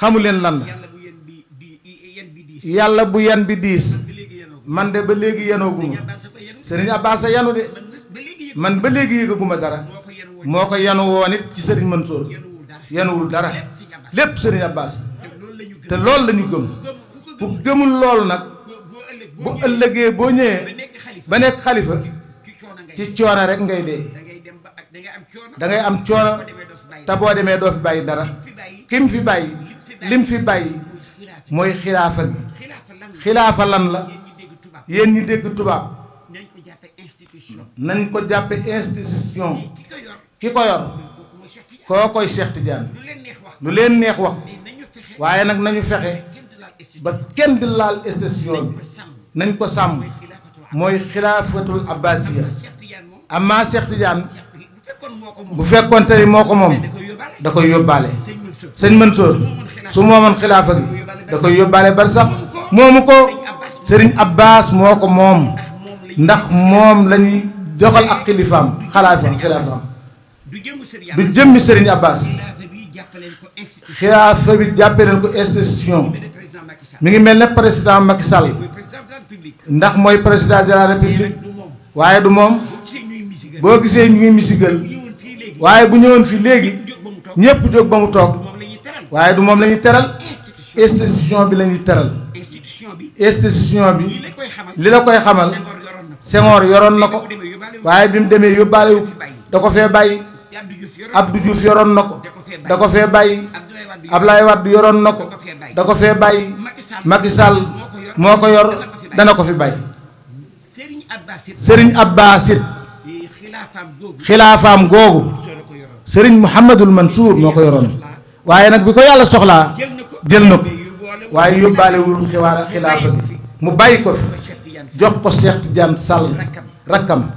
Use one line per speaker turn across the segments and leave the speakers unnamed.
xamu leen lan la yàlla bu yan bi diis man de ba léegi yanooguma sëriñ Abbas a yanu de man ba léegi yëgaguma dara moo ko yanu woon it ci sëriñ Mansour yanuwul dara lépp sëriñ Abbas te loolu la ñu gëm bu gëmul lool nag bu ëllëgee boo ñëwee ba nekk xalifa ci coono rek ngay dee da ngay am coono te boo demee doo fi bàyyi dara kim fi bàyyi. lim fi bàyyi mooy xilaafa bi xilaafa lan la yéen ñi dégg tubaab nañ ko jàppe institution ki ko yor koo koy Cheikh Tidiane lu leen neex wax waaye nag nañu fexe ba kenn di laal institution bi nañ ko sàmm mooy xilaafatul abbasiya amaa Cheikh Tidiane bu fekkoonte ni moo ko moom da koy yóbbaale sëñ Mansour su moomoon xilaafa gi da koy yóbbaale barsax moomu ko sëriñ Abbas moo ko moom ndax moom la ñuy doxal ak xilifaam xalaafaam xilaafaam du jëmmi sëriñ Abbas xilaafa bi jàppee nañ ko institution mi ngi mel ne président Macky Sall ndax mooy président de la république waaye du moom boo gisee ñu ngi misigal waaye bu ñëwoon fi léegi ñëpp jóg ba mu toog. waaye du moom la ñuy teral institution bi la ñuy teral institution bi li la koy xamal Senghor yoroon na ko waaye bi mu demee yóbbaale wu da ko fee bàyyi Abdou Diouf yoroon na ko da ko bàyyi Ablaye wad yoroon na ko da ko fee bàyyi Macky Sall moo ko yor dana ko fi bàyyi Serigne Abbasit xilaafaam googu Serigne Mouhamadul Mansour moo ko yoroon waaye nag bi ko yàlla soxlaa jël na ko waaye yóbbaale wul xiwaar xilaafa bi mu bàyyi ko fi jox ko Cheikh Tidiane Sall rakkam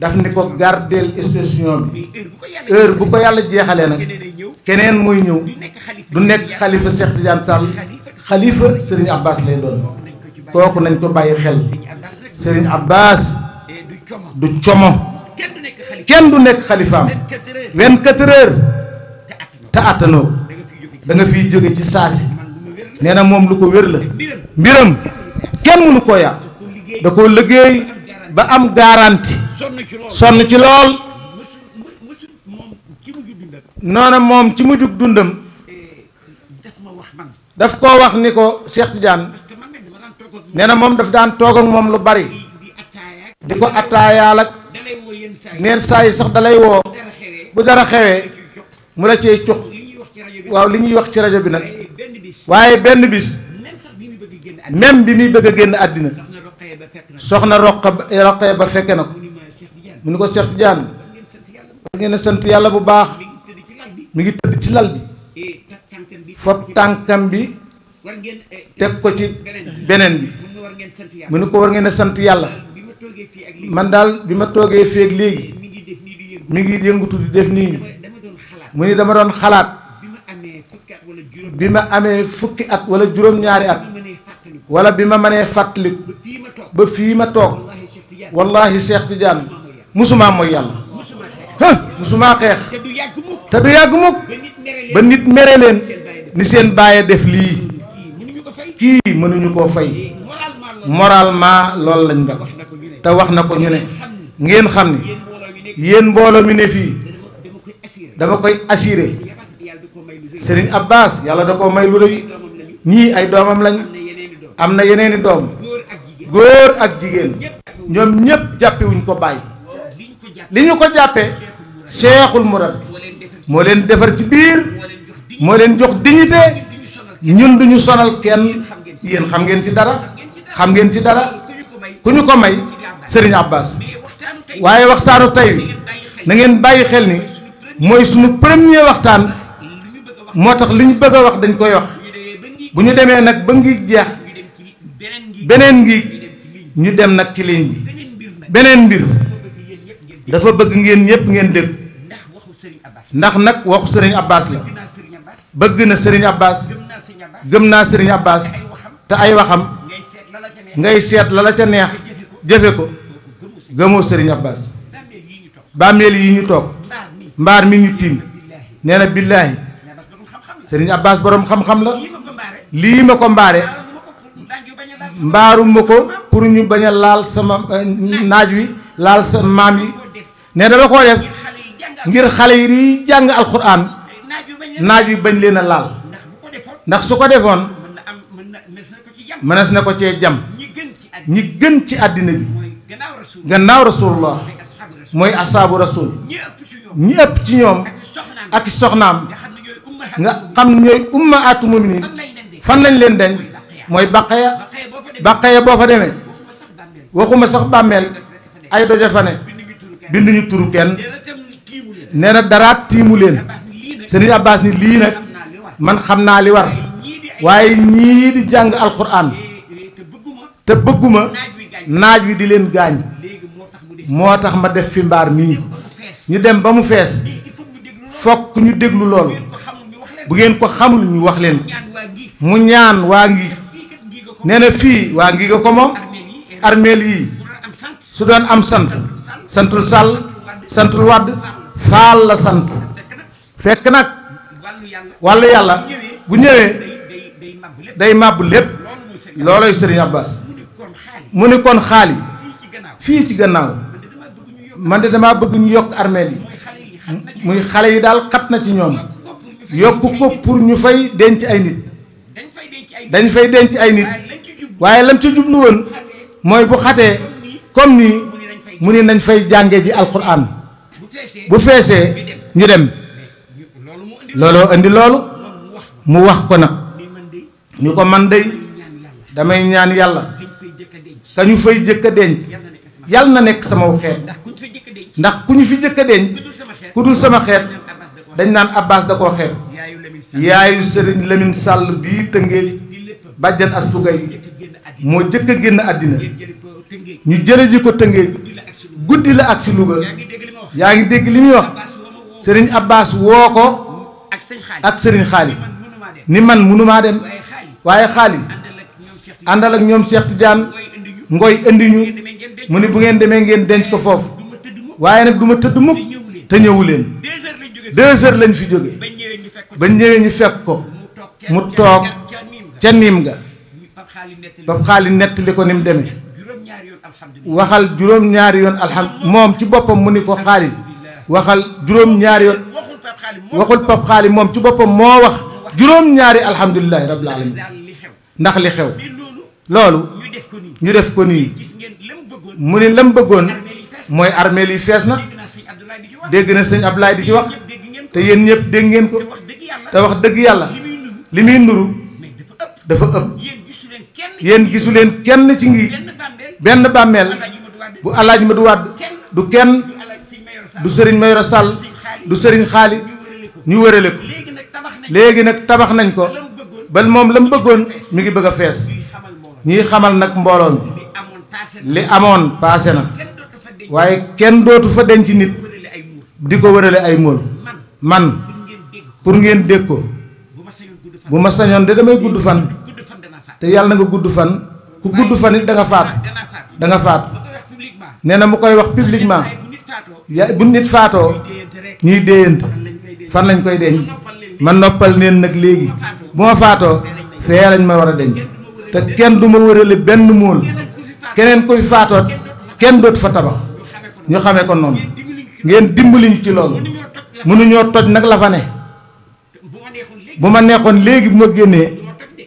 daf ni ko gardeel station bi heure bu ko yàlla jeexalee nag keneen mooy ñëw du nekk xalifa Cheikh Tidiane Sall xalifa Serigne Abbas lay doon kooku nañ ko bàyyi xel Serigne Abbas eh, du como kenn du nekk xalifaam 24 heures te àttanoo da nga fiy jóge ci saasi nee na moom lu ko wér la mbiram kenn mënu koo yàq da koo liggéey ba am garanti sonn ci lool noona moom ci mujjug dundam daf koo wax ni ko Cheikh Tidiane nee na moom daf daan toog moom lu bari di ko attaayaal ak neen saa yi sax dalay woo bu dara xewee mu la cee ciox waaw li ñuy wax ci rajo bi nag waaye benn bis même bi muy bëgg a génn àddina soxna roqa roqee eh, ba fekke na ko mu ni ko Cheikh Tidiane war ngeen a sant yàlla bu baax mi ngi tëdd ci lal bi eh, fob tànkam bi eh, teg ko ci beneen bi mu ni ko war ngeen a sant yàlla man daal bi ma toogee fii ak léegi mi ngi yëngutu di def nii mu ni dama doon xalaat bi ma amee fukki at wala juróom-ñaari at wala bi ma mënee fàttali ba fii ma toog wallahi Cheikh Tidiane musumaa mooy yàlla musumaa xeex
te du yàgg mukk ba nit mere leen
ni seen bàyyee def lii kii mënuñu koo fay moralement lool lañ def te wax na ko ñu ne ngeen xam ni yéen mbooloo mi ne fii dama koy assuré Serigne Abbas yalla dako may lu reuy ñii ay domam lañ amna na yeneeni doom góor ak ñom ñepp jappé wuñ ko bay li ko jappé cheikhul murabbi mo len defar ci bir mo len jox dignité ñun duñu sonal kenn yeen xam ngeen ci dara xam ngeen ci dara kuñu ko may Serigne Abbas waye waxtaanu tay wi na ngeen bayyi xel ni mooy suñu premier waxtaan moo tax li ñu bëgg a wax dañ koy wax bu ñu demee nag ba ngi jeex beneen ngi ñu dem nag ci ligne bi beneen mbir dafa bëgg ngeen ñëpp ngeen dégg ndax nag waxu sëriñ Abbas la bëgg na sëriñ Abbas gëm naa sëriñ Abbas te ay waxam ngay seet la la ca neex jëfe ko gëmoo sëriñ Abbas bàmmeel yi ñu toog mbaar mi ñu tiim nee na billaahi sëriñ Abbas borom xam-xam la lii ma ko mbaare mbaaruma ko pour ñu bañ a laal sama eh, naaj wi laal sa maam yi ne dama koo def ngir xale yi jàng alxuraan naaj wi bañ leen a laal ndax su ko defoon mënees na ko cee jam ñi gën ci àddina bi gannaaw rasulullah mooy asaabu rasul ñi ëpp ci ñoom ak soxnaam nga xam ne ñooy umma atu muminin fan lañ leen dañ mooy baqaya baqaya boo fa demee waxuma sax bàmmeel ay doja fa ne binduñu turu kenn nee na dara tiimu leen sëriñ Abbas ni lii nag man xam naa li war waaye ñii di jàng alquran te bëgguma naaj wi di leen gaañ moo tax ma def fi mbaar mii ñu dem ba mu fees fokk ñu déglu loolu bu ngeen ko xamul ñu wax leen mu ñaan waa ngi nee na fii waa ngi nga ko moom armeel yi su doon am sant santul sàll santul wadd faal la sant fekk nag wàllu yàlla bu ñëwee day màbb lépp looloy sëriñ Abbas mu ni kon xaal fii ci gannaaw man de damaa bëgg ñu yokk armeel yi muy xale yi daal xat na ci ñoom yokk ko pour ñu fay denc ay nit dañ fay denc ay nit waaye lañ ci jublu mooy bu xatee comme nii mu ni nañ fay jànge ji alquran bu feesee ñu dem looloo indi loolu mu wax ko na ñu ko man day damay ñaan yàlla ka ñu fay jëkk a denc yal na Nek sama xet ndax kuñu fi jëkk deñ kudul sama xet dañ nan Abbas da ko xet yaayu Serigne Lamine Sall bii tëngee badjan astugay moo jëkk a génn àddina ñu jële ji ko tëngee guddi la ak si Louga wax Serigne Abbas woko, ak Serigne Xaali ni man munuma dem waye Xaali andal ak ñom Cheikh Tidiane ngoy andi ñu mu ne bu ngeen demee ngeen denc ko foofu waaye nag du ma tëdd mukk te ñëwu leen deux heures lañ fi jóge ba ñëwee ñu fekk ko mu toog ca niim ga ba xaali nettali ko nim deme waxal juróom-ñaari yoon alxam moom ci boppam mu ni ko xaali waxal juróom-ñaari yoon waxul pap xaali moom ci boppam moo wax juróom-ñaari alhamdulilahi rabbil alamin ndax li xew loolu ñu def ko nii mu ne lam bëggoon mooy armeel yi fees na dégg na sëñ Abdoulaye di ci wax te yéen ñëpp dégg ngeen ko te wax dëgg yàlla li muy nuru dafa ëpp yéen gisu leen kenn ci ngi benn bàmmeel bu alaaj ma du wàdd du kenn du sëriñ Mayoro Sàll du sëriñ xaali ñu wërale ko léegi nag tabax nañ ko bal moom la mu bëggoon mu ngi bëgg a fees ñuy xamal nag mbooloo mi li amoon paase na waaye kenn dootu fa denc nit di ko wërale ay mool man pour ngeen dégg ko bu ma sañoon de damay gudd fan te yàlla na nga gudd fan ku gudd fan it danga nga faatu da nga faatu nee na mu koy wax publiquement ya bu nit faatoo ñuy déyante fan lañ koy denc ma noppal neen nag léegi bu ma faatoo fee lañ ma war a denc te kenn du ma wërale benn mool keneen kuy faatoot kenn doot fa tabax ñu xamee ko noonu ngeen dimbaliñ ci loolu mënuñoo toj nag la fa ne bu ma neexoon léegi bu ma génnee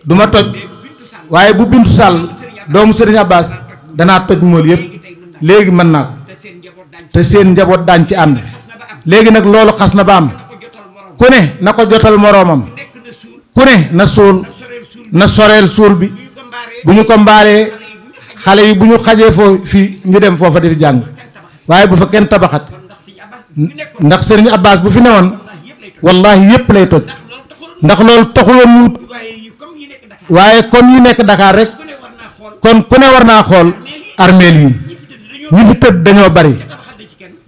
du ma toj waaye bu bintu sàll doomu sëriñ Abbas danaa toj mool yépp léegi mën naa ko te seen njaboot daañ ci ànd léegi nag loolu xas na ba am ku ne na ko jotal moroomam ku ne na suul na soreel suul bi bu ñu ko mbaalee xale yi bu ñu xajee foofu fi ñu dem foofa di jàng waaye bu fa kenn tabaxat ndax sëriñ Abbas bu fi newoon wallahi yépp lay toj ndax loolu taxuloon mu waaye comme ñu nekk dakaar rek kon ku ne war naa xool armeel yi ñi fi tëdd dañoo bari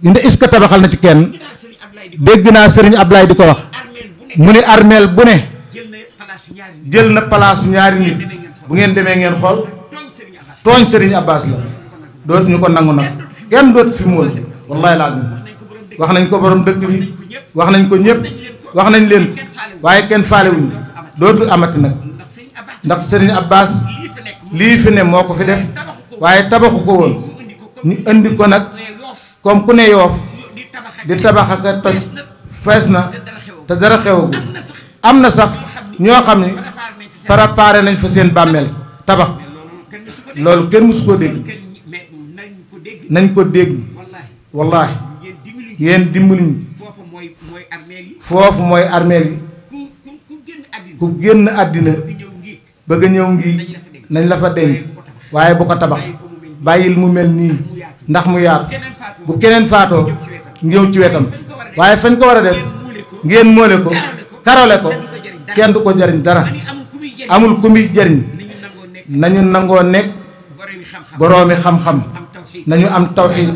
nde est-ce que tabaxal na ci kenn dégg naa sëriñ ab laay di ko wax mu ne armeel bu ne jël na place ñaari nit bu ngeen demee ngeen xool tooñ Serigne Abbas la dootu ñu ko nangu nag kenn dootu fi mu wël wallaay laal wax nañ ko borom dëkk bi wax nañ ko ñëpp wax nañ leen waaye kenn faalewuñu dootul amati nag ndax Serigne Abbas lii fi ne moo ko fi def waaye tabaxu ko woon ñu indi ko nag comme ku ne yoof di tabax ak toj fees na te dara xewagul am na sax ñoo xam ne préparé nañ fa seen bàmmeel tabax loolu kenn mësu koo dégg nañ ko dégg wallaahi ngeen dimbali ñu foofu mooy armeel yi ku génn àddina bëgg a ñëw ngi nañ la fa denc waaye bu ko tabax bàyyil mu mel nii ndax mu yaatu bu keneen faatoo ñëw ci wetam waaye fañ ko war a def ngeen moole ko karole ko kenn du ko jariñ dara amul ku muy jariñ nañu nangoo nekk boroomi xam-xam nañu am tawxiid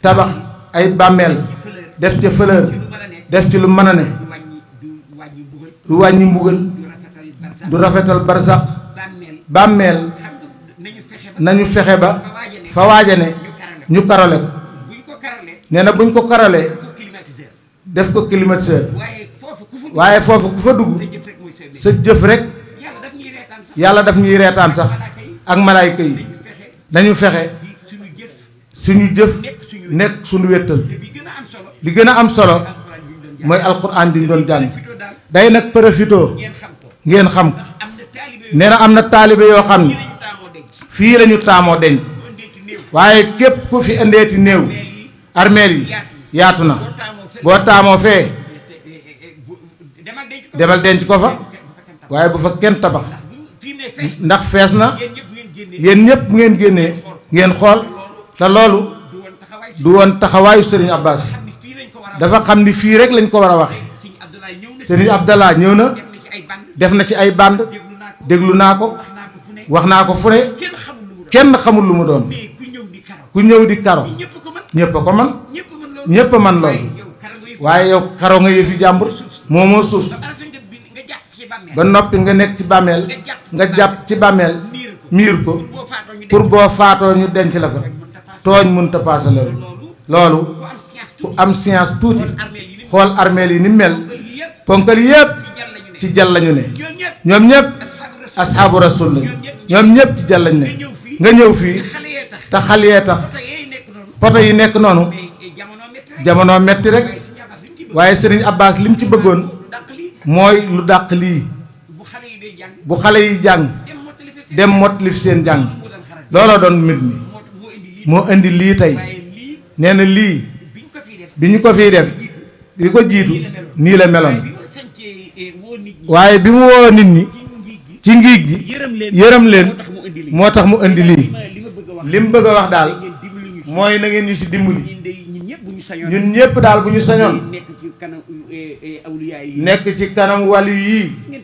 tabax ay bàmmeel def ca fleur def ci lu mën a ne lu wàññi mbugal du rafetal barsax bàmmeel nañu fexe ba fa waaja ne ñu karale nee na buñ ko karalee def ko climatiseur waaye foofu ku fa dugg sa jëf rek yàlla daf ñuy reetaan sax ak malaayka yi dañu fexe suñu jëf nekk suñu wéttal li gën a am solo mooy alxuraan diñ doon jàng day nag profitoo ngeen xam ko nee na am na taalibe yoo xam ne fii la ñu taamoo denc waaye képp ku fi indeeti néew armeel yi yaatu na boo taamoo fee demal denc ko fa waaye bu fa kenn tabax ndax fees na yéen ñëpp ngeen génnee ngeen xool te loolu du woon taxawaayu sëriñ Abbas dafa xam ni fii rek lañ ko war a wax sëriñ Abdallah ñëw na def na ci ay band déglu naa ko wax naa ko fu ne kenn xamul lu mu doon ku ñëw di karo ñëpp a ko man ñëpp a man loolu waaye yow karo nga yëfi jàmbur moomoo suuf ba noppi nga nekk ci bàmmeel nga jàpp ci bàmmeel miir ko pour boo faatoo ñu denc la fa tooñ mënut a paase loolu loolu am science tuuti xool armeel yi ni mel ponkal yépp ci jal lañu ne ñoom ñëpp asxaabu rasul lañu ñoom ñëpp ci jal ne nga ñëw fii te xal yee tax poto yi nekk noonu eh, jamono metti rek waaye sëriñ Abbas li mu ci bëggoon mooy lu dàq lii bu xale yi jàng dem motlif seen jàng looloo doon mbir mi moo indi lii tey nee na lii bi ñu ko fiy def li ko jiitu nii la meloon eh, waaye bi mu woo nit ñi ci ngiig ji yërëm leen moo tax mu indi lii li mu bëgg a wax daal mooy na ngeen si ci dimbali
ñëpp bu ñu ñëpp daal bu ñu sañoon. nekk ci kanam eh, eh, awliya yi. nekk ci kanam wàllu yii. nee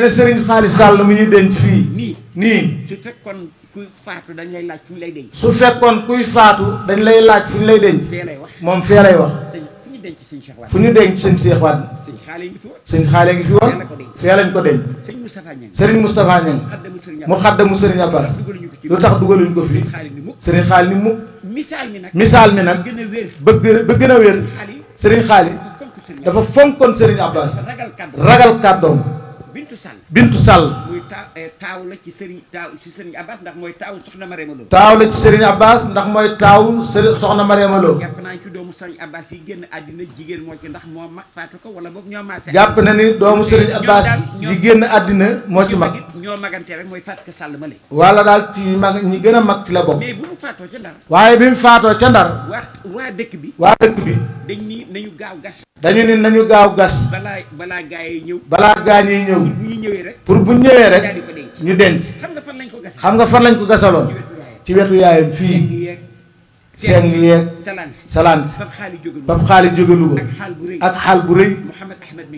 na sëriñ xaalis mi ñuy denc fii. nee na sëriñ xaalis sàll mi ñuy denc fii. nii nii. su fekkoon kuy faatu dañ lay laaj fu ñu lay denc. su
fekkoon dañ lay laaj fu ñu lay denc. fee lay wax
moom fee lay wax.
fu ñu denc sëñ Cheikh Wade. fu ñu denc sëñ Cheikh Wade. sëñ xaale ngi fi ko denc.
sëriñ Moustapha Niang mu
xaddamu sëriñ Abbas lu tax dugaluñ ko fi sëriñ xaal ni mukk misaal mi nag misaal mi nag ba gën ba gën a wér
sëriñ xaali dafa fonkoon sëriñ Abbas ragal kàddoom
bintu sàll bintu sàll eh, taaw la ci sëriñ taaw ci sëriñ Abbas ndax mooy taaw soxna Mariama Lo taaw la ci sëriñ Abbas ndax mooy taaw sëriñ soxna Mariama Lo jàpp naa ci doomu sëriñ Abbas yi génn àddina jigéen moo ci ndax moo mag faatu ko wala boog ñoo maase jàpp na ni doomu sëriñ Abbas yi génn àddina moo ci mag ñoo magante rek mooy Fatou Sall ma léegi.
wala daal ci mag ñi gën a mag ci la bokk. mais bu faatoo ca ndar. waaye bi mu faatoo ca ndar. waa waa dëkk bi. waa dëkk bi. ni nañu gaaw gas. dañu ni nañu gaaw gas. balaa balaa gaa yi ñëw. balaa gaa ñuy ñëw. pour bu ñëwee rek. pour bu ñu ñëwee rek ñu denc. xam nga fan lañ ko gasaloon. xam nga fan lañ ko gasaloon. ci wetu yaayam fii. seen yeeg salaan si bab xaali jóge Louga ak xaal bu rëy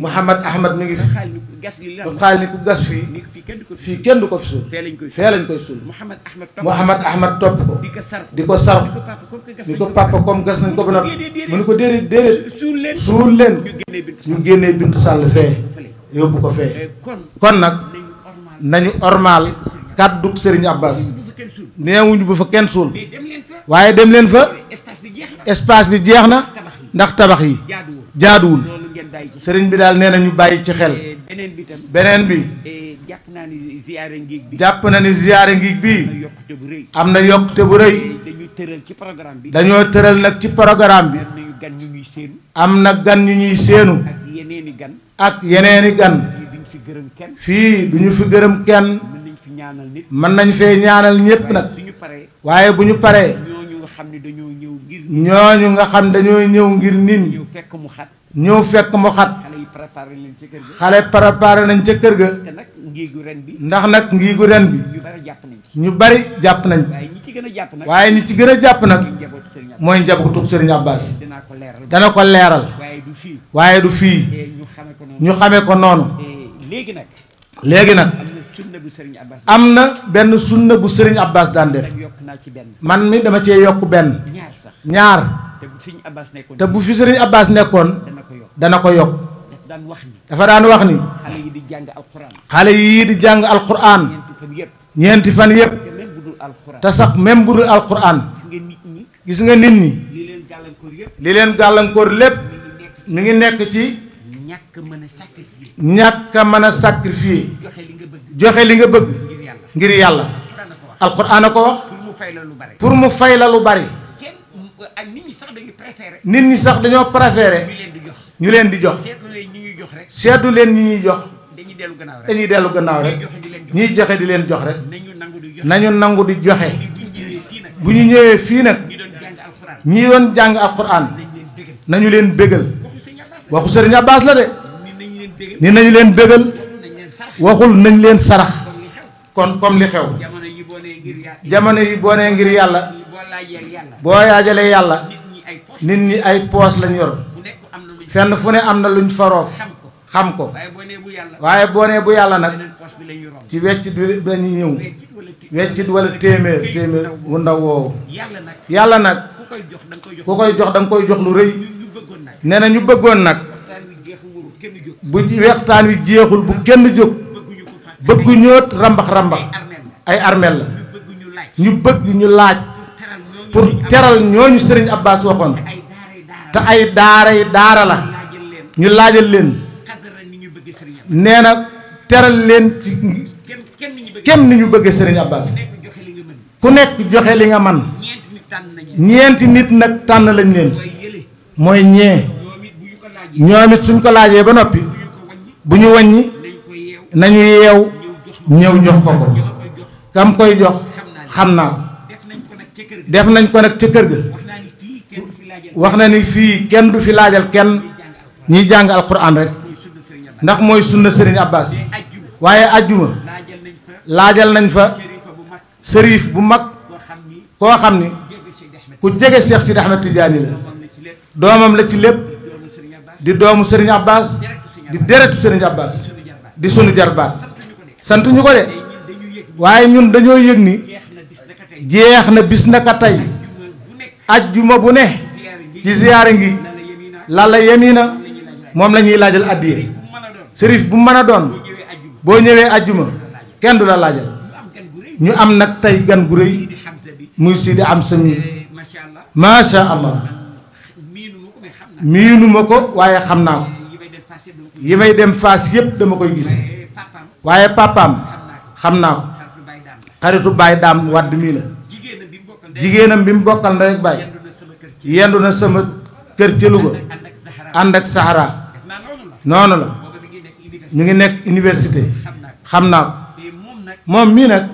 Mouhamad Ahmad mi ngi fi bab xaali ni ku gas
fii fii kenn du ko fi suul fee lañ koy suul Mouhamad Ahmad topp ko di
ko sar ni ko papa comme gas nañ ko ba nag mu ni ko déedéet
déedéet suul
leen ñu génnee bintu sàll fee yóbbu ko fee eh, kon nag nañu ormaal kàddu Serigne Abbas neewuñu bu fa kenn suul waaye dem leen fa espace bi jeex na ndax tabax yi jaaduwul sëriñ bi daal nee na ñu bàyyi ci xel beneen bi
jàpp na ni ziyaare ngiig bi jàpp na ni te ngiig bi am na yokkute bu rëy dañoo tëral nag ci programme bi am na gan ñu ñuy séenu ak yeneeni gan
fii du ñu fi gërëm kenn ñaanal nit mën nañ fee ñaanal ñëpp nag waaye bu ñu paree ñooñu nga xam ne dañoo ñëw ngir nga xam dañoo ñëw ngir nit ñi
fekk mu xat ñëw fekk mu xat xale préparé nañ ca kër ga ndax nag ngiigu ren bi
ñu bari jàpp nañ waaye ñi ci gën a jàpp nag mooy njabootu sëriñ Abbas
dana ko leeral waaye du fii eh, ñu xame ko noonu eh,
léegi nag am na benn sunna bu sëriñ Abbas daan def man mi dama cee yokk benn ñaar te bu fi sëriñ Abbas nekkoon
dana ko yokk dafa daan wax ni
xale yii di jàng alquran ñeenti fan yépp te sax même bu dul alquran gis nga nit ñi li leen gàllankoor lépp mi ngi nekk ci ñàkk mën a ñàkk a mën a sacrifier joxe li nga bëgg ngir yàlla alxuraan a ko wax pour mu fay la lu bari nit ñi sax dañoo préféré ñu leen di jox seetu leen ñi ñuy jox dañuy dellu gannaaw rek ñiy joxe di leen jox rek nañu nangu di joxe bu ñu ñëwee fii nag ñi doon jàng alxuraan nañu leen bégal waxu sëriñ Abbas la de ni nañu leen bégal waxul nañ leen sarax kon comme li xew jamono yi boo nee ngir yàlla boo yaajalee yàlla nit ñi ay poos lañ yor fenn fu ne am na luñ faroof xam ko waaye boo nee bu yàlla nag ci weccit bi lañu ñëw weccit wala téeméer téeméer wu ndaw woowu yàlla nag ku koy jox da nga koy jox lu rëy nee na ñu bëggoon nag bu weextaan wi jeexul bu kenn jóg bëggu ñoot rambax rambax ay armel la ñu bëgg ñu laaj pour teral ñooñu sëriñ Abbas waxoon te ay daaray daara la ñu laajal leen nee nag teral leen ci kenn ni ñu bëggee sëriñ Abbas ku nekk joxe li nga man ñeenti nit nag tànn lañ leen mooy ñee ñoom it suñ ko laajee ba noppi bu ñu wàññi nañu yeew ñëw jox ko ko kam koy jox xam naa def nañ ko nag ca kër ga wax na ni fii kenn du fi laajal kenn ñiy jàng alquran rek ndax mooy sunna sëriñ Abbas waaye ajjuma laajal nañ fa sëriif bu mag koo xam ni ku jege Cheikh Sidi Ahmed Tidiane la doomam la ci lépp di doomu Serigne Abbas di deretu Serigne Abbas di sunu jarbaat sant ñu ko de waaye ñun dañoo yëg ni jeex na bis naka tey ajjuma bu ne ci ziyaare ngi lalla na moom la ñuy laajal addiye sërif bu mën a doon boo ñëwee ajjuma kenn du la laajal ñu am nag tey gan gu rëy muy Sidi am mi macha allah. miinuma ko waaye xam naa ko yi may dem faas yépp dama koy gis waaye papaam xam naa ko xaritu baay daam wadd mii la jigéenam bi mu bokkal na rek baay yendu na sama kër ca Louga ànd ak Sahara noonu la ñu ngi nekk université xam naa ko moom mii nag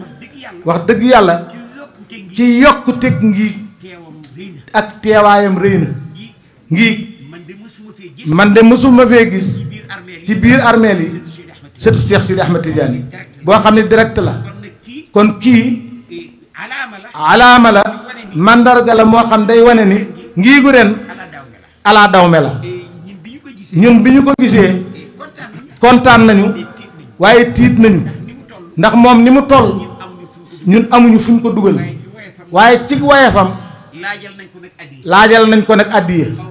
wax dëgg yàlla ci yokku teg ngi ak teewaayam rëy na ngi man de mësuma fee gis ci biir armeel yi sëtu Cheikh Sidi Ahmed Tidiane boo xam ne direct la kon kii alaama la màndarga la moo xam day wane ni ngii gu ren alaa dawme la ñun bi ñu ko gisee kontaan nañu waaye tiit nañu ndax moom ni mu toll ñun amuñu fuñ ko dugal waaye ci wayefam laajal nañ ko nag addiya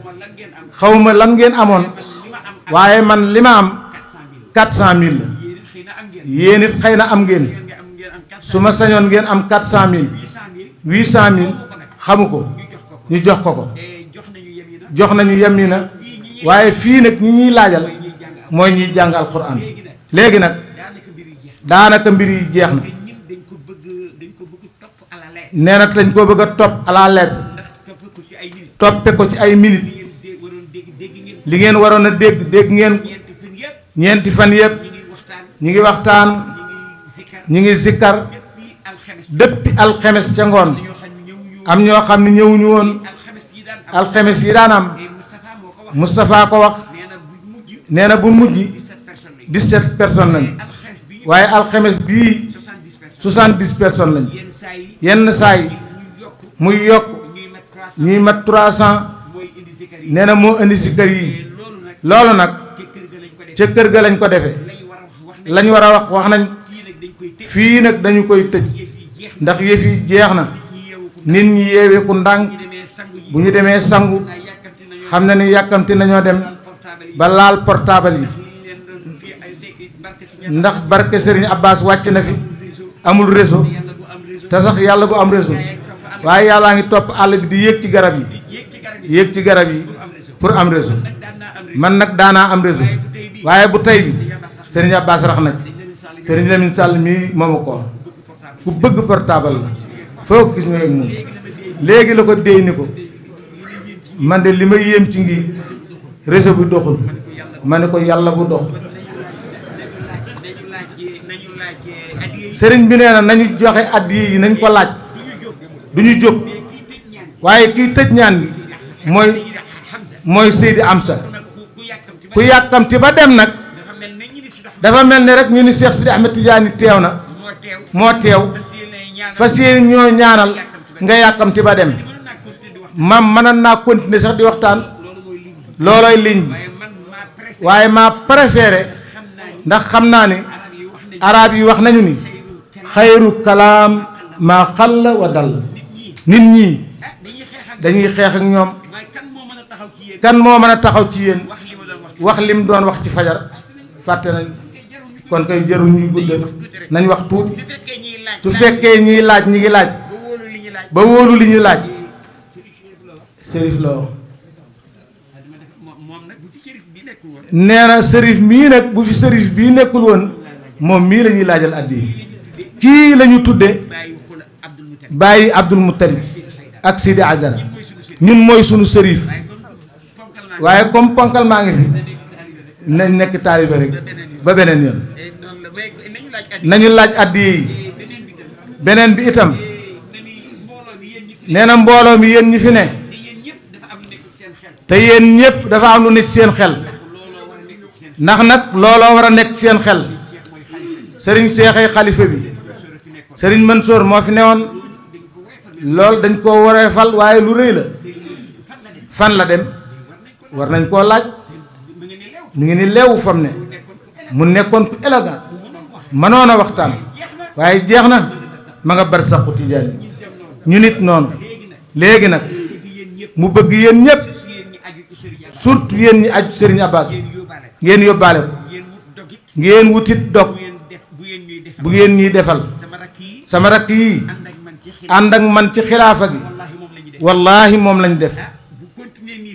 xawma lan ngeen amoon waaye man li ma am quatre cent mille la yéen it xëy na am ngeen su ma sañoon ngeen am quatre cent mille huit cent mil xamu ko ñu jox ko ko jox nañu yem yi na waaye fii nag ñi ñuy laajal mooy ñuy jàng alxuraan léegi nag daanaka mbir yi jeex na nee na lañ koo bëgg a topp à la lettre toppe ko ci ay minutes li ngeen waroon a dégg dégg ngeen ñeenti fan yëpp ñi ngi waxtaan ñi ngi zikkar dëppi alxemes ca ngoon am ñoo xam ne ñëwuñu woon alxemes yi daan am eh, Moustapha ko wax nee na bu mujj 17 personnes lañ eh, waaye alxemes bii 70 personnes lañ yenn saa yi muy yokk ñuy mat 300. nee na moo indi ci kër yi loolu nag ca kër ga lañ ko defe lañ war a wax wax nañ fii nag dañu koy tëj ndax yëf yi jeex na nit ñi yeeweeku ndànk bu ñu demee sangu xam na ni yàkkamti nañoo dem ba laal portable yi ndax barke Serigne Abbas wàcc na fi amul réseau te sax yàlla bu am réseau waaye yàllaa ngi topp àll bi di yéeg ci garab yi yéeg ci garab yi pour am réseau man nag daanaa am réseau waaye bu tey bi sëriñ Abbas rax na ci sëriñ Lamine Sall mii moomu ko ku bëgg portable la foo gis ma ak moom léegi la ko déy ni ko man de li ma yéem ci ngi réseau bi doxul ma ne ko yàlla bu dox sëriñ bi nee na nañu joxe addiya yi nañ ko laaj du ñu jóg waaye kiy tëj ñaan bi mooy mooy Seydi Amsa ku yàkkamti ba dem nag dafa mel ni rek ñu ni Cheikh Sidi Ahmed Tidiane teew na moo teew fas yéene ñoo ñaanal nga yàkkamti ba dem mam mënoon naa continuer sax di waxtaan loolooy liñ waaye maa préféré ndax xam naa ni arab yi wax nañu ni xayru kalaam maa xalla wa dal nit ñi dañuy xeex ak ñoom kan moo mën a taxaw ci yéen wax lim doon wax ci fajar fàtte nañ kon kay jarul ñuy guddal nañ wax tuuti su fekkee ñiy laaj ñi ngi laaj ba wóolu li ñuy laaj sërif la wax nee na sërif mii nag bu fi sërif bii nekkul woon moom mii la ñuy laajal addi yi kii la ñu tudde bàyyi Abdul Muttalib ak Sidi Ajara ñun mooy sunu sërif waaye comme ponkal maa ngi fi nañ nekk taalibe ba beneen yoon nañu laaj addi yi beneen bi itam nee na mbooloo mi yéen ñi fi ne te yéen ñëpp dafa am lu nit seen xel ndax nag looloo war a nekk seen xel sëriñ seexay xalifa bi sëriñ Mansoor moo fi newoon lool dañ koo waree fal waaye lu rëy la fan la dem war nañ koo laaj mu ngi ni leewu fam ne mu nekkoon ku élégant mënoon a waxtaan waaye jeex na ma nga bar saxu tijaan ñu nit noonu léegi nag mu bëgg yéen ñëpp surtout yéen ñi aju Serigne Abbas ngeen yóbbaale ko ngeen wutit dog bu ngeen ñuy defal sama rakk yii ànd ak man ci xilaafa gi wallaahi moom lañu def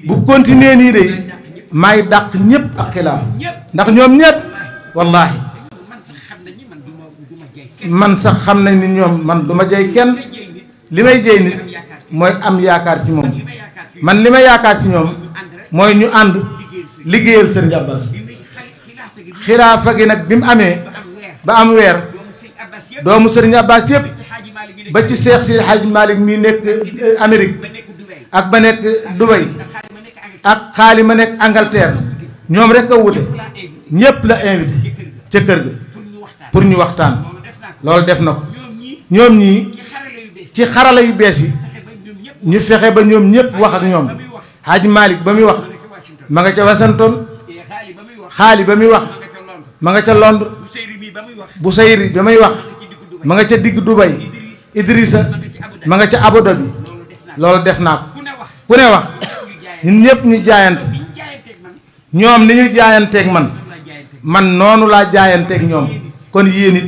bu continuer nii de maay dàq ñëpp ak xilaaf ndax ñoom ñëpp wallaahi man sax xam nañ ni ñoom man du ma jay kenn li may jëy nit mooy am yaakaar ci moom man li ma yaakaar ci ñoom mooy ñu ànd liggéeyal seen Abbas xilaafa nag bi mu amee ba am weer doomu sëriñ Abbas yëpp ba ci seex si xaj Malick mi nekk eh, Amérique ak ba nekk Dubaï ak xalima nek Angleterre ñom rek ko wuté ñepp la invité ci kër ga pour ñu waxtaan lool def na ñom ñi ci xarala yu bees yi ñu fexé ba ñom ñepp wax ak ñom Hadj malik ba wax ma nga ci Washington xali ba wax ma nga ci Londres bu sayri ba muy wax ma nga ci digg Dubai Idrissa ma nga ci Abu Dhabi lool def ne wax ku ne wax. ñun ñëpp ñu jaayante ñoom ni ñu jaayanteeg man man noonu laa jaayanteeg ñoom kon yéen it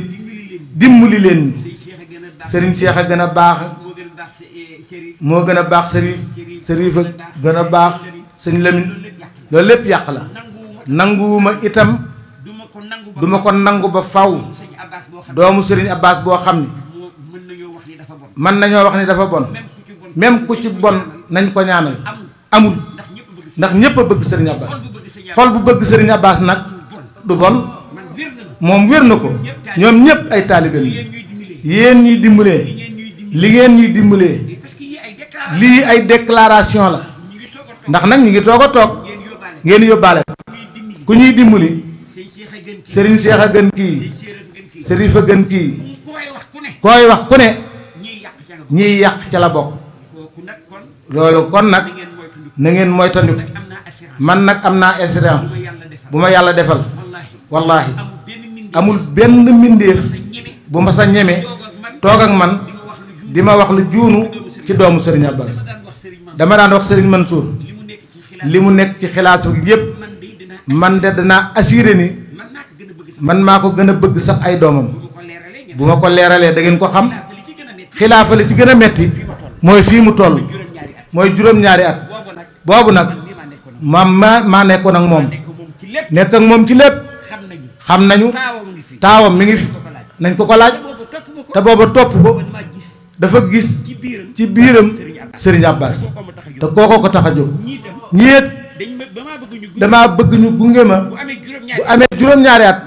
dimbali leen ñi sëriñ Cheikh a gën a baax moo gën a baax sërif sërif a gën a baax sëñ Lamine loolu lépp yàq la nanguwuma itam duma ko nangu ba faw doomu sëriñ Abbas boo xam ni mën nañoo wax ni dafa bon même ku ci bon nañ ko ñaanal amul ndax ñëpp a bëgg sëriñ Abbas xol bu bëgg sëriñ Abbas nag du bon moom wér na ko ñoom ñëpp ay taalibe yéen ñuy dimbalee li ngeen ñuy dimbalee lii ay déclaration la ndax nag ñu ngi toog a toog ngeen yóbbaale ku ñuy dimbali sëriñ Seex a gën kii sëriñ fa gën kii kooy wax ku ne ñiy yàq ca la bokk loolu kon nag na ngeen moytandiku man nak amna assurance defal wallahi amul ben mindeef bu ma sa ñeme tok ak man di wax lu juunu ci doomu Serigne Abbas dama daan wax Serigne Mansour limu nek ci khilatu yeb man de dana assurer ni man mako gëna bëgg sax ay doomam bu ko da ngeen ko xam khilafa li ci gëna metti moy fi mu toll moy juroom ñaari at boobu nag ma ma maa nekkoon ak moom nekk ak moom ci lépp xam nañu taawam mi ngi fi nañ ko ko laaj te booba topp ko dafa gis ci biiram Serigne Abbas te koo ko ko tax a jóg ñiit damaa bëgg ñu gunge ma bu amee juróom-ñaari at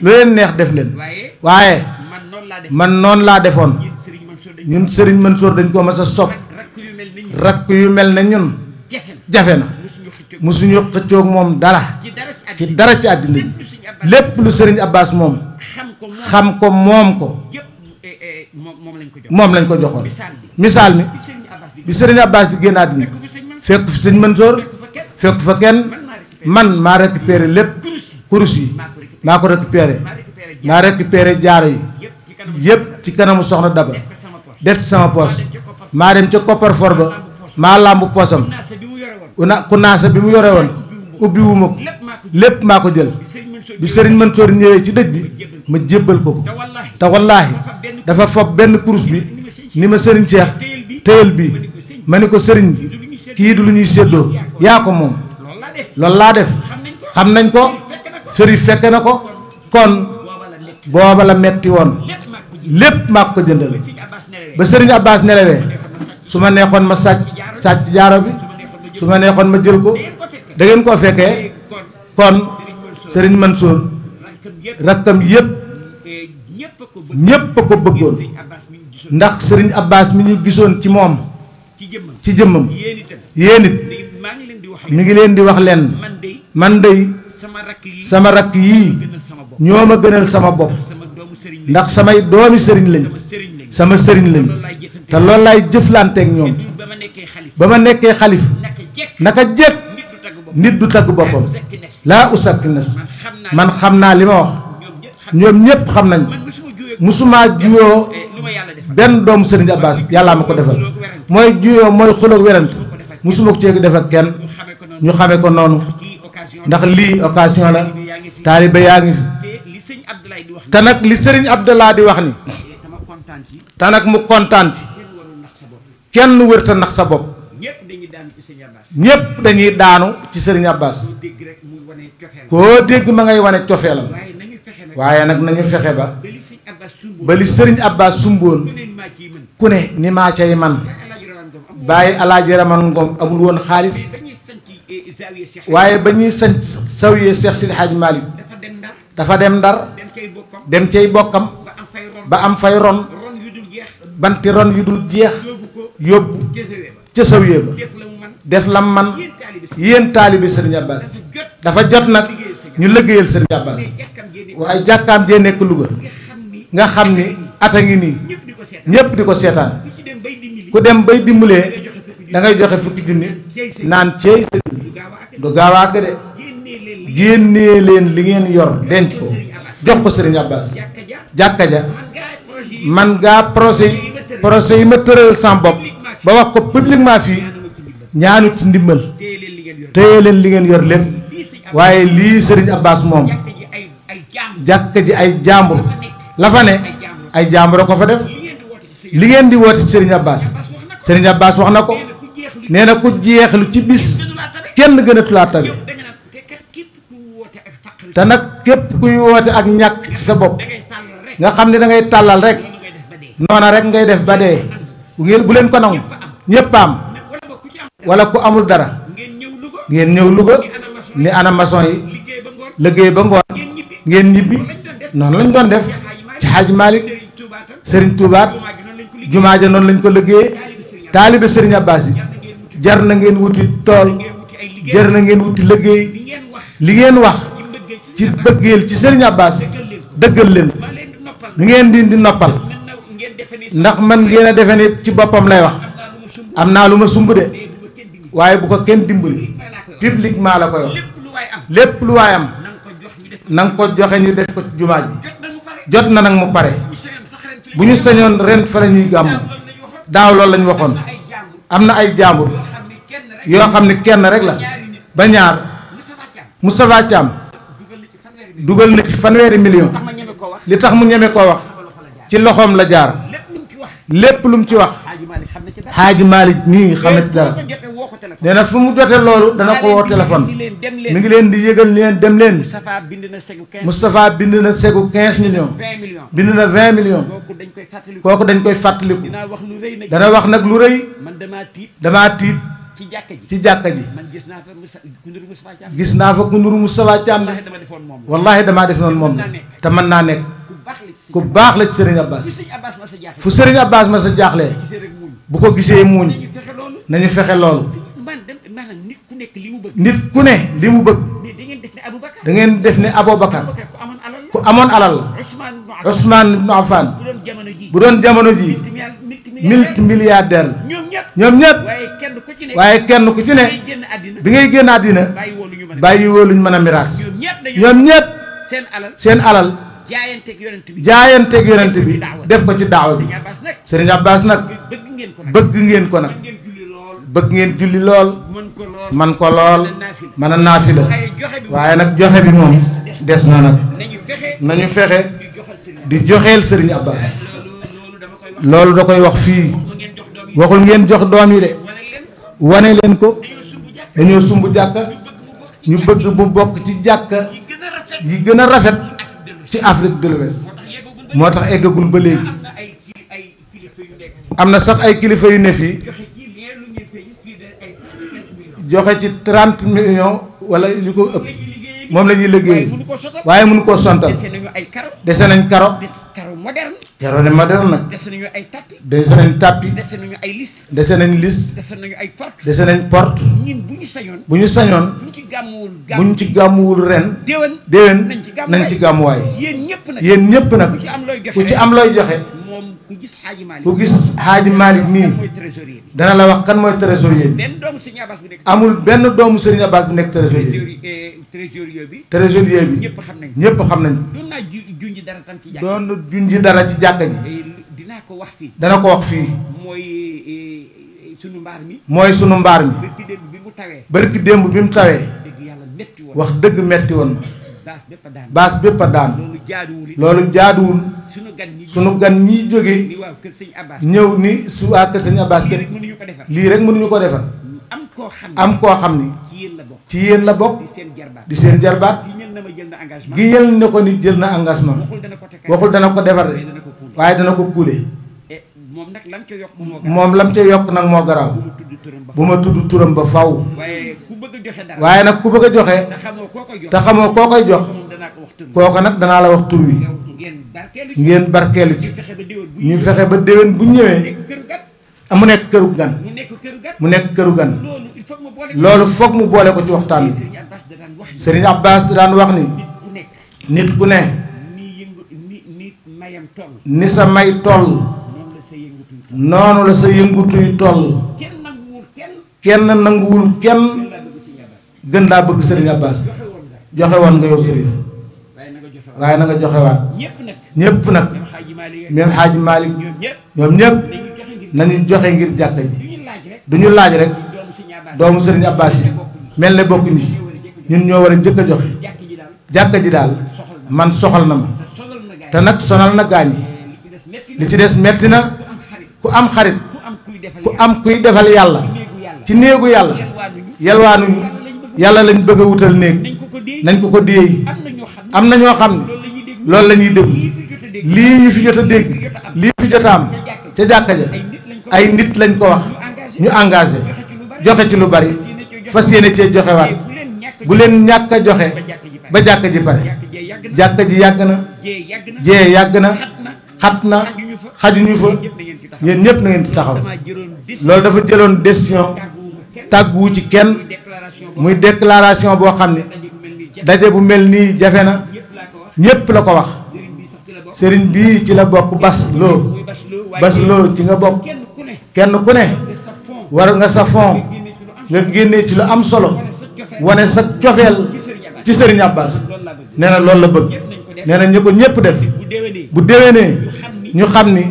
lu leen neex def leen waaye man noonu laa defoon ñun sëriñ mën Mansour dañ koo mas a sopp rakk yu mel na ñun jafe na musuñu xëccoog moom dara ci dara ci àddina bi lépp lu sëriñ Abbas moom xam ko moom ko moom lañ ko joxoon misaal mi bi sëriñ Abbas bi génn àddina fekk fi sëñ Mansoor fekk fa kenn man maa récupéré lépp kurus yi maa ko récupéré maa récupéré jaaro yi yépp ci kanamu soxna Daba def ci sama poche maa dem ca coffre-fort ba maa làmb poosam una kunaasa bi mu yore woon ubbi wu ma ko lépp maa ko jël bi sëriñ Mansoor ñëwee ci dëj bi ma jébbal ko ko te wallaahi dafa fob benn kurus bi ni ma sëriñ Cheikh téyel bi ma ni ko sëriñ bi kii du lu ñuy séddoo yaa ko moom lool laa def xam nañ ko sëriñ fekke na ko kon booba la metti woon lépp maa ko jëndal ba sëriñ Abbas nelawee su ma neexoon ma sàcc sàcc jaaro bi su ma neexoon ma jël ko da ngeen koo fekkee kon sëriñ Mansour rakkam yëpp ñépp a ko bëggoon ndax sëriñ Abbas mi ñu gisoon ci moom ci jëmmam yéen it mi ngi leen di wax leen man dey sama rakk yii ñoo ma gënal sama bopp ndax samay doomi sëriñ lañ sama sëriñ lañ te loolu laay jëflanteeg ñoom ba ma nekkee xalif naka jekk nit du tagg boppam laa usakki na man xam naa li ma wax ñoom ñépp xam nañ musuma juyoo eh, benn doomu Serigne Abbas yàllaa ma ko defal mooy juyoo mooy xuloog werante musuma ko ceegi def ak kenn ñu xame ko noonu ndax lii occasion la taalibe yaa ngi fi te nag li Serigne Abdallah di wax ni eh, te nag mu kontaan ci kenn wérta nax sa bopp ñépp dañuy daanu ci sëriñ Abbas koo dégg ma ngay wane cofeelam waaye nag nañu fexe ba ba li sëriñ Abbas sumboon ku ne ni maa cay man bàyyi alaaji raman ngoom amul woon xaalis
eh,
waaye ba ñuy sañ sawyee Seex Sidi Xaaj Maalik dafa dem ndar dem cay bokkam ba am fay ron banti ron yu dul jeex yóbbu ca sawyee ba def lam man yéen taalibi sëriñ Abbas dafa jot nag ñu liggéeyal sëriñ Abbas waaye jàkkaam jee nekk Louga nga xam ni at a ngi nii ñépp di ko seetaan ku dem bay dimbalee da ngay joxe fukki junni naan ceey sëriñ bi du gaaw a àgg de génnee leen li ngeen yor denc ko jox ko sëriñ Abbas jàkka ja man ngaa projet projet yi ma tëral sama bopp ba wax ko publiquement fii ñaanu ci ndimbal téye leen li ngeen yor lépp waaye lii Serigne Abbas moom jàkka ji ay jàmbur la fa ne ay jàmbur a ko fa def li ngeen di woote ci Serigne Abbas Serigne wax na ko nee na ku jeexlu ci bis kenn gën a tulaa tabi te nag képp kuy woote ak ñàkk ci sa bopp nga xam ne dangay tàllal rek noona rek ngay def ba dee bu ngeen bu leen ko nangu ñépp am wala ku amul dara ngeen ñëw Louga ni ana maçon yi liggéey ba ngoon ngeen ñibbi noonu lañ doon def ci xaaj Malick Serigne Touba jumaa ja noonu lañ ko liggéeyee taalibe Serigne Abbas yi jar na ngeen wuti tool jar na ngeen wuti liggéey li ngeen wax ci bëggeel ci Serigne Abbas dëggal leen li ngeen di di noppal ndax man ngeen a defe ne ci boppam lay wax am naa lu ma sumb de waaye bu ko kenn dimbali publiquement la ko wax lépp lu waay am na nga ko joxe ñu def ko ci jumaa jot na nag mu pare bu ñu sañoon ren fa la ñuy daaw lool la waxoon am na ay jaambur yoo xam ne kenn rek la ba ñaar mu Thiam dugal na ci fanweeri million li tax mu ñeme koo wax ci loxoom la jaar lépp lu mu ci wax xaaji Malick mii xam na ci dara nee na fu mu jotee loolu dana ko woo téléphone mi ngi leen di yëgal ni leen dem leen Moustapha bind na segu 15 millions bind na 20 millions kooku dañ koy fàttaliku
dana wax nag lu rëy damaa tiit ci jàkka ji
gis naa fa ku nuru Moustapha Thiam wallaahi damaa def noonu moom na te mën naa nekk. ku baax la ci Serigne Abbas fu Serigne Abbas ma sa jaaxlee bu ko gisee muuñ nañu fexe loolu nit ku ne li mu bëgg da ngeen def ne Aboubacar ku amoon alal la Ousmane ibnu Affan bu doon jamono ji multi milliardaire
la ñoom ñëpp waaye kenn ku ci ne bi ngay génn àddina
bàyyi woo luñ mën a miraas ñoom ñëpp seen alal
jaayanteeg yonent
bi jaayanteeg yonent bi def ko ci daawa bi sëriñ Abbas nag bëgg
ngeen ko nag bëgg ngeen julli lool man ko lool mën a naafila waaye nag joxe bi moom des na nag nañu fexe di joxeel sëriñ Abbas loolu da koy wax fii waxul ngeen jox doom yi de wane leen ko dañoo sumb jàkka ñu bëgg bu bokk ci jàkk yi gën a rafet ci Afrique de l'Ouest moo tax eggagul ba léegi am na sax ay kilifa yu ne fii joxe ci trente millions wala yu ko ëpp moom la ñuy liggéey waaye mënu ko sontal dese nañ karo terreau
moderne. terreau de moderne nag. dese nañu ay tapis. dese nañ tapis. dese nañu ay liste. dese nañ liste. dese nañu ay porte. bu ñu sañoon. bu ñu sañoon. bu ñu ci gàmmuwul gàmm. bu ñu
ci gàmmuwul ren. déwén déwén nañ ci gàmmuwaay.
yéen ñëpp nag yéen ñëpp nag. ku ci am looy joxe ku ci am looy joxe. ku gis
xaaji Malick ku gis xaaji Malick nii dana la wax kan mooy trésorier bi amul benn doomu Serigne Abbas bu nekk trésorier bi eh, trésorier bi ñëpp xam nañ ñëpp xam nañ doon na junji dara tam ci jàkka doon junji dara ci jàkka ji eh, dinaa ko wax fii dana ko wax fii mooy eh, sunu mbaar mi mooy sunu mbaar mi barki démb bi mu tawee barki démb bi mu tawee wax dëgg metti woon na baas bépp a daan loolu jaaduwul sunu gan ñiy jóge ñëw ni su waa kër sëñ Abbas gën lii rek mënuñu ko defar am koo xam ni ci yéen la bokk di seen jarbaat gi yël ne ko ni jël na engagement waxul dana ko defar de waaye dana ko kuule eh, moom lam ca yokk nag moo garaaw bu ma tudd turam ba faw waye nak ku bëgg a joxe te xamoo ko koy jox koko nak dana la wax tur wi ngeen barkelu ci ñu fexé ba déwén bu ñëwé amu nek këru gan mu nek këru gan lolu fokk mu boole ko ci waxtan bi serigne Abbas daan wax ni nit ku ne ni sa may toll nonu la sa yëngutuy toll kenn nangul kenn gën laa bëgg Serigne Abbas joxe woon nga yow Serigne waaye na nga joxe waat ñëpp nag même xaaj Malick ñoom ñëpp nañu joxe ngir jàkka ji du ñu laaj rek doomu Serigne Abbas yi mel ne bokk ni ñun ñoo war a njëkk a joxe jàkka ji daal man soxal na ma te nag sonal na gaañ eh, li ci des metti na ku am xarit ku am kuy defal yàlla ci néegu yàlla yalwaanuñu yàlla lañ bëgg a wutal néeg nañ ko ko déey am na ñoo xam ne loolu la ñuy déglu lii ñu fi jot a dégg lii fi jot a am ca jàkka ja ay nit lañ ko wax ñu engage joxe ci lu bari fas yéene cee joxe waat bu leen ñàkk a joxe ba jàkka ji pare jàkka ji yàgg na jee yàgg na xat na xajuñu fa ñeen ñëpp na ngeen ci taxaw loolu dafa jëloon décision tàgguwu ci kenn muy déclaration boo xam ne daje bu mel nii jafe na ñépp la ko wax sëriñ bii ci la bokk bas loo bas loo ci nga bokk kenn ku ne war nga sa fond nga génnee ci lu am solo wane sa cofeel ci sëriñ Abbas nee na loolu la bëgg nee na ñu ko ñépp def bu déwénee ñu xam ni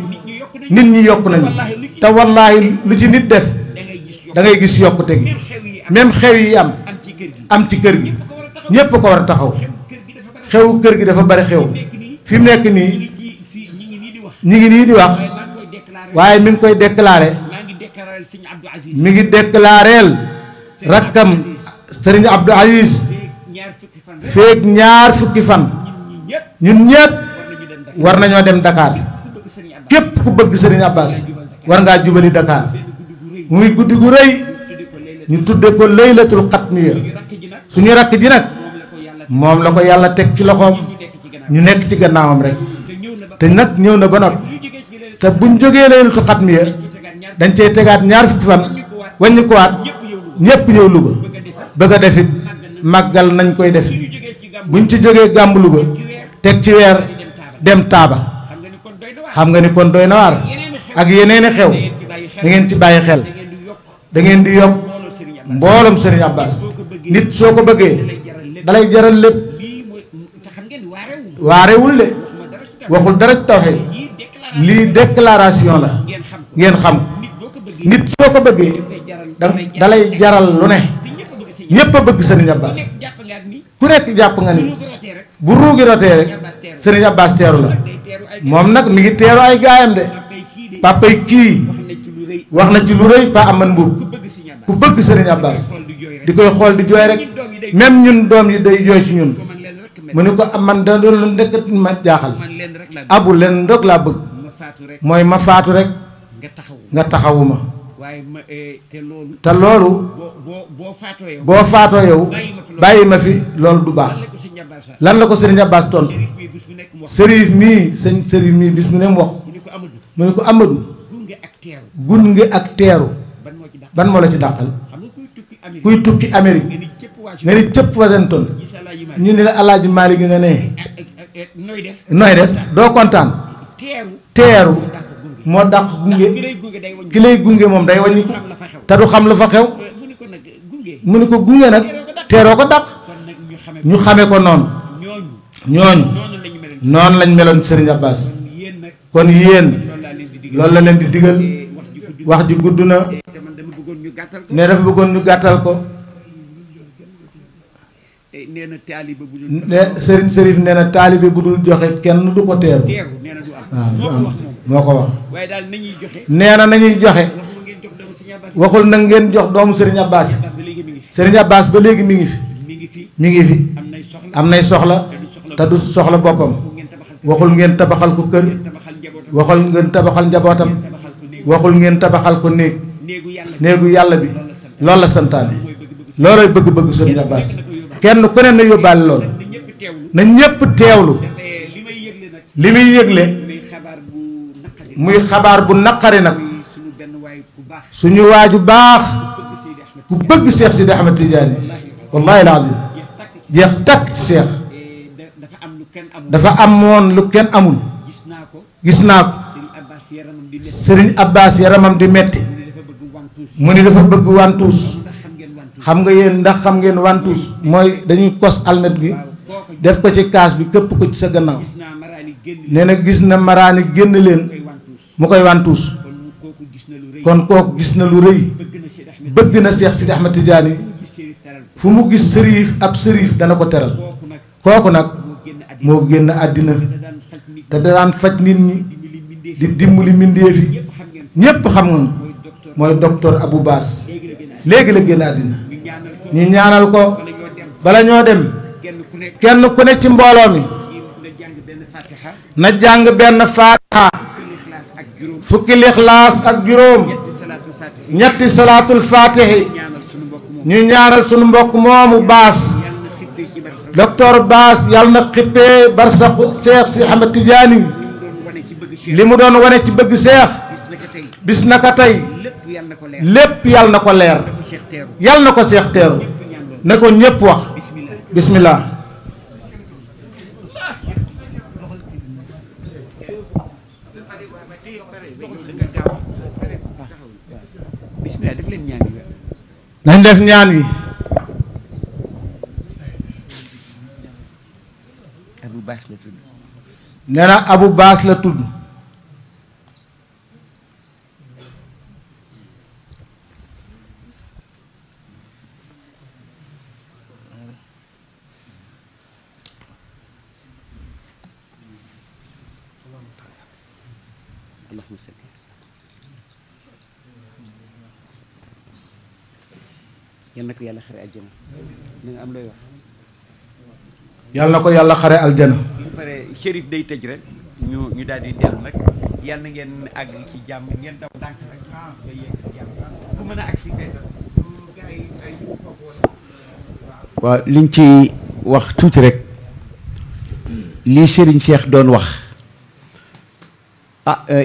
nit ñi yokk nañu te wallaahi lu ci nit def da ngay gis yokkute gi même xew yi am am ci kër gi ñepp ko wara taxaw xewu kër gi dafa bari xew fi mu nek ni ñi ngi ni di wax waye mi ngi koy déclarer mi ngi déclarer rakam serigne Abdou Aziz feeg ñaar fukki fan ñun ñepp war nañu dem Dakar kep ku bëgg serigne Abbas war nga jubali Dakar muy guddi gu rëy ñu tudde ko laylatul xatmiya suñu rakk ji nag moom la ko yàlla teg ci loxoom ñu nekk ci gannaawam rek te nag ñëw na ba nag te buñ jógee laylatul xatmiya dañ cey tegaat ñaar fukki fan wàññi ko waat ñëpp ñëw luga bëgg a defit màggal nañ koy def buñ ci jógee gàmb Louga teg ci weer dem Taaba xam nga ni kon doy na waar ak yeneeni xew da ngeen ci bàyyi xel da ngeen di yokk mbooloom Serigne Abbas nit soo ko bëggee dalay jaral lépp waarewul de waxul dara taw tawxiid lii déclaration la ngeen xam nit soo ko bëggee da dalay jaral lu ne ñépp a bëgg Serigne Abbas ku nekk jàpp nga ni bu ruugi rotee rek Serigne Abbas teeru la moom nag mi ngi teeru ay gaayam de papay kii wax na ci lu rëy Pa Aman Mbuub ku bëgg Serigne Abbas di koy xool di jooy rek même ñun doom yi day jooy ci ñun mu ne ko man da doon nekk ma jaaxal abu leen rek laa bëgg
mooy ma faatu rek nga taxawu ma eh, te loolu boo faatoo yow bàyyi ma fi
loolu du baax lan la ko seen Abbas tontu Serif mii sëñ Serif mii bis mu ne mu wax mu ne ko Amadou. gun ngi ak teeru ban moo la ci dàqal kuy tukki Amérique nga ni cëpp Washington ñu ne la alaaji Maalik nga ne nooy def doo kontaan teeru moo dàq gunge ki lay gunge moom day waññi ko te du xam la fa xew eh, mu ni ko gunge nag teeroo ko dàq ñu xame ko noonu ñooñu noonu lañ meloon Serigne Abbas kon yéen loolu la leen di digal wax ji gudd na ne dafa bëggoon ñu gàttal ko ne Serigne Serif nee na taalibe bu dul joxe kenn du ko teeru waaw moo ko wax nee na nañuy joxe waxul nag ngeen jox doomu Serigne Abbas Serigne Abbas ba léegi mi ngi fi mu ngi fi am nay soxla te du soxla boppam waxul ngeen tabaxal ko kër waxul ngeen tabaxal njabootam waxul ngeen tabaxal ko néeg néegu yàlla bi loolu la santaane loolooy bëgg-bëgg sëriñ Abbas kenn ku ne na yóbbaale loolu na ñépp teewlu li muy yëgle muy xabaar bu naqari nag suñu waaju baax ku bëgg seex Sidi Ahmed Tidiane wallaahi alazim jeex takk ci seex eh, dafa am lu kenn amul gis naa ko sëriñ Abbas yaramam di metti mu ni dafa bëgg wantuus xam nga yéen ndax xam ngeen wantuus mooy dañuy kos almet gi def ko ci kaas bi këpp ko ci sa gannaaw nee na gis na maraani génn leen mu koy wantuus kon kooku gis na lu rëy bëgg na Seex Sidi Ahmad Tijaani fu mu gis sëriif ab sëriif dana ko teral kooku nag moo génn àddina te daan faj nit ñi di dimbali mbindéef yi ñépp xam nga mooy docteur Abou Baas léegi la génn àddina ñu ñaanal ko bala ñoo dem kenn ku ne ci mbooloo mi na jàng benn faatiha fukki lixlaas ak juróom ñetti salaatul faatihi ñu ñaanal sunu mbokk moomu baas docteur baas yàlla na xippee barsaqu Cheikh si Ahmed Tidiane li mu doon wane ci bëgg seex bis na ko tey lépp yàlla na ko leer yàlla na ko seex teeru na ko ñépp wax bismillah nañ def ñaan yi nee na abu baas la tudd اللهم صل yal na ko yàlla xare aljana ko yàlla xare aljana bu
paree shérif day tëj rek ñu ñu daal di dellu nag yal na ngeen àgg ci jàmm waaw liñ ci wax tuuti rek lii Serigne Cheikh doon wax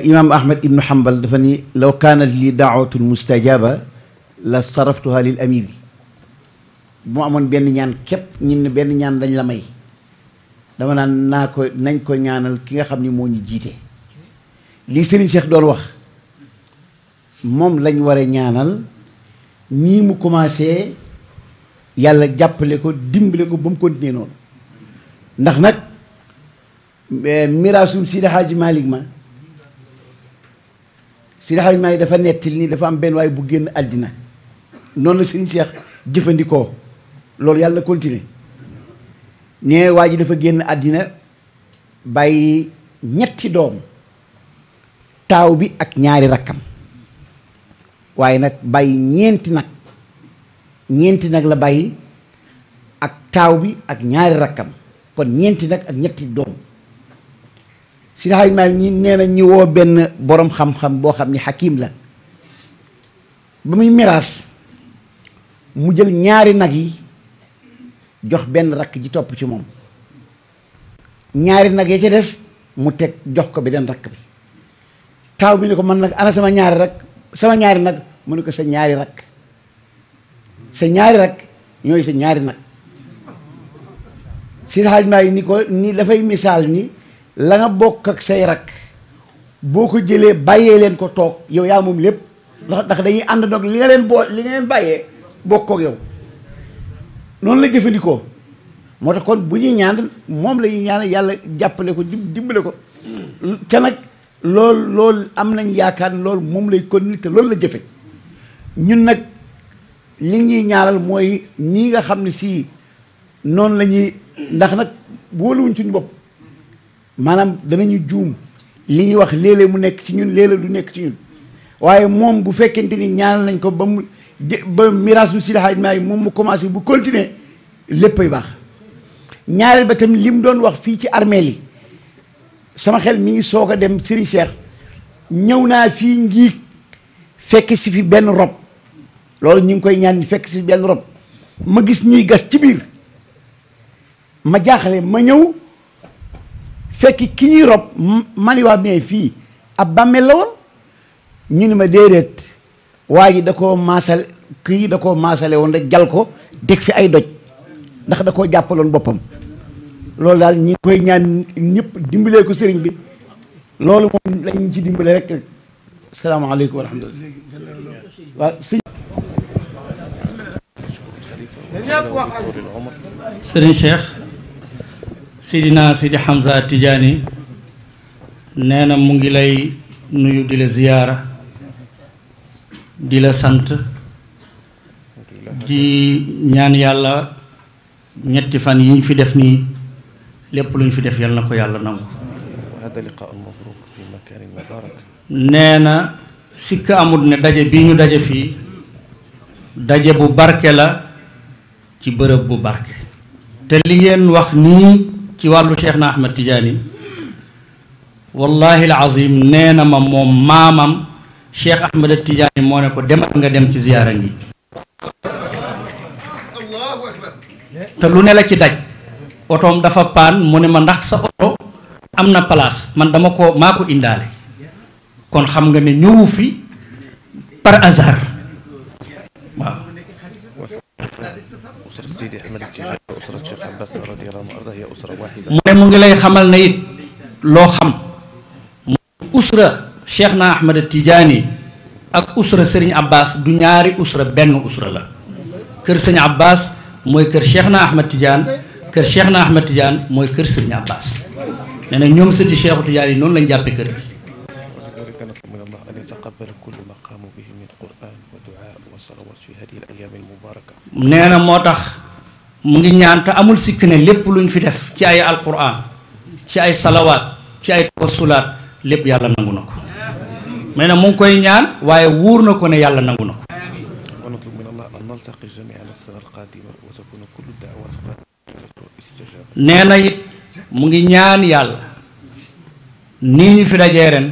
imaam ahmad ibnu hanbal dafa ni law kaanat li daawatu mustajaba la saraftuha lil amiri bu ma amoon benn ñaan képp ñun benn ñaan dañ la may dama naan naa ko nañ ko ñaanal ki nga xam ni moo ñu jiite lii Serigne Cheikh doon wax moom lañ war a ñaanal nii mu commencé yàlla jàppale ko dimbale ko ba mu continuer noonu ndax nag miraasum Sidi Hadji Malick ma si daxañ maa yi dafa nettil nii dafa am benn waaye bu génn àddina noonu la sëriñ Cheikh jëfandikoo loolu yàlla na continuer nee waa ji dafa génn àddina bàyyi ñetti doom taaw bi ak ñaari rakkam waaye nag bàyyi ñeenti nag ñeenti nag la bàyyi ak taaw bi ak ñaari rakkam kon ñeenti nag ak ñetti doom si daxay maal ñi nee na ñu woo benn boroom xam-xam boo xam ni xakim la ba muy miraas mu jël ñaari nag yi jox benn rakk ji topp ci moom ñaari nag ya ca des mu teg jox ko beneen rakk bi taaw bi ni ko mën nag ana sama ñaari rakk sama ñaari nag mu ne ko sa ñaari rakk sa ñaari rakk ñooy sa ñaari nag si daxay maal ni ko ni dafay misaal ni la nga bokk ak say rak boo ko jëlee bàyyee leen ko toog yow yaa moom lépp ndax ndax dañuy ànd nag li nga leen boo li nga leen bàyyee bokk ak yow noonu la jëfandikoo moo tax kon bu ñuy ñaan moom la ñaan yàlla jàppale ko dimbale ko ca nag loolu loolu am nañ yaakaar loolu moom lay continuer te loolu la jëfe ñun nag li ñuy ñaaral mooy ñii nga xam ne sii noonu la ñuy ndax nag wóoluwuñ suñu bopp maanaam danañu juum li ñuy wax léeg mu nekk ci ñun léeg-léeg du nekk ci ñun waaye moom bu fekkente ni ñaanal nañ ko ba mu ba miraasu Seydi Hadji Malick moom mu commencé bu lépp ay baax ñaareel ba tamit li mu doon wax fii ci armeel yi sama xel mi ngi soog a dem Serigne Cheikh ñëw naa fii ngiig fekk si fi benn rob loolu ñu ngi koy ñaan ni fekk si fi benn rob ma gis ñuy gas ci biir ma jaaxle ma ñëw fekki ki ñuy rob mani waa mais fii ab bàmmeel la woon ñu ni ma déedéet waa ji da koo maasal kii da koo maasale woon rek jal ko deg fi ay doj ndax da koo jàppaloon boppam loolu daal ñi koy ñaan ñëpp dimbalee ko sëriñ bi loolu moom lañ ci dimbale rek salaamaaleykum wa rahmatulah waaw sëñ
sëriñ Cheikh sidina sidi Hamza Tidiane Nena mu ngi lay nuyu di la ziyara di la sant di ñaan yalla ñetti fan yiñ fi def ni lepp luñ fi def yal na mabruk
fi nangu mubarak
na sik amul ne daje bi ñu daje fi daje bu barke la ci bërëb bu barke te li wax ni ci walu cheikh na ahmad tidiane wallahi alazim neena na ma moom cheikh ahmad tidiane mo ne ko dem nga dem ci ziyara ngi te lu ne la ci daj otoom dafa pan mo ne ma ndax sa auto amna place man dama ko mako indale kon xam nga ne ñëwu fi par hasard
waaw أسرة سيدي أحمد التجاني وأسرة ne mu ngi lay xamal na it
loo xam mu usra Cheikh na Ahmed Tidiane ak usra Serigne Abbas du ñaari usra benn usra la kër Serigne Abbas mooy kër Cheikh na Ahmed Tidiane kër Cheikh na Ahmed Tidiane mooy kër Serigne Abbas nee na ñoom sëti Cheikhu Tidiane yi noonu lañ jàppe kër gi nee na moo tax mu ngi ñaan te amul sikk ne lépp luñ fi def ci ay alquran ci ay salawaat ci ay tawassulaat lépp yàlla nangu na ko mais nag mu ngi koy ñaan waaye wóor na ko ne yàlla nangu na ko nee na it mu ngi ñaan yàlla nii ñu fi dajee ren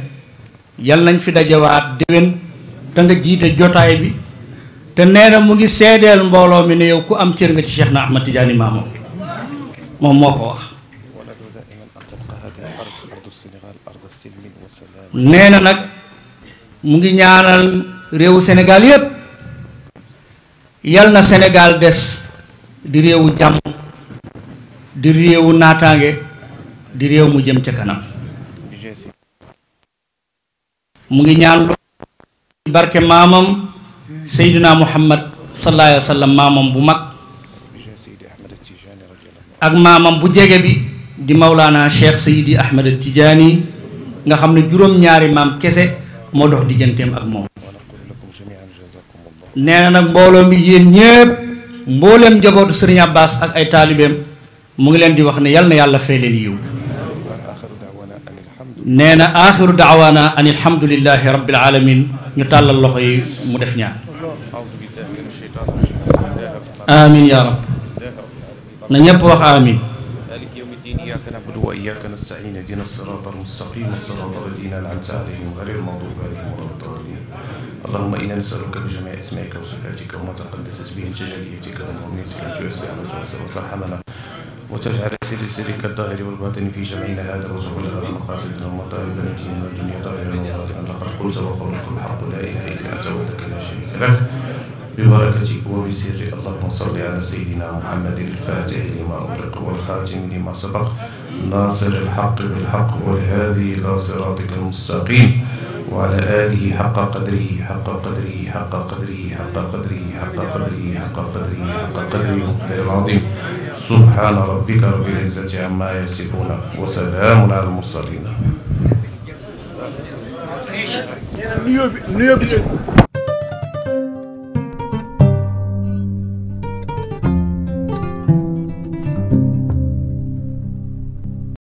yal nañ fi dajewaat déwén te nga jiite jotaay bi te neena mu ngi seedeel mbolo mi ne yow ku am cër nga ci Cheikh na Ahmad Tidiane mamo mom moko wax neena nak mu ngi ñaanal rew senegal yeb yal na des di rew jam di rew natange di rew mu jëm ci kanam mu ngi ñaan barke mamam seyduna muhammad sallallahu alayhi wa maamam bu mag ak maamam bu jege bi di mawlaana cheikh sayidi ahmed tijaani nga xam ne juróom-ñaari maam kese moo dox digganteem ak moom nee nag mbooloo mi yéen ñépp mbooleem njabootu sëriñ ak ay taalibeem mu ngi leen di wax ne yal na yàlla fay leen yiw nee na aaxiru daawaana an alhamdulillahi rabbil alamin ñu tàllal loxo yi mu def ñaan
amin ya rab
na ñépp wax amin
إياك نعبد وإياك نستعين دين الصراط المستقيم صراط الذين أنعمت عليهم غير المغضوب عليهم ولا الضالين اللهم إنا نسألك بجميع أسمائك وصفاتك وما تقدست به جلاليتك ومؤمنتك أن توسع وتوسع وترحمنا وتجعل سر سرك الظاهر والباطن في جمعنا هذا المقاصد والمطالب ومطالبنا الدين والدنيا ظاهرا وباطنا لقد قلت وقولك الحق لا اله الا انت وحدك لا شريك لك ببركتك ومن اللهم صل على سيدنا محمد الفاتح لما أغلق والخاتم لما سبق ناصر الحق بالحق والهادي إلى صراطك المستقيم وعلى آله حق حق قدره حق قدره حق قدره حق قدره حق قدره حق قدره حق قدره العظيم سبحان ربك رب العزة عما يصفون وسلام على المرسلين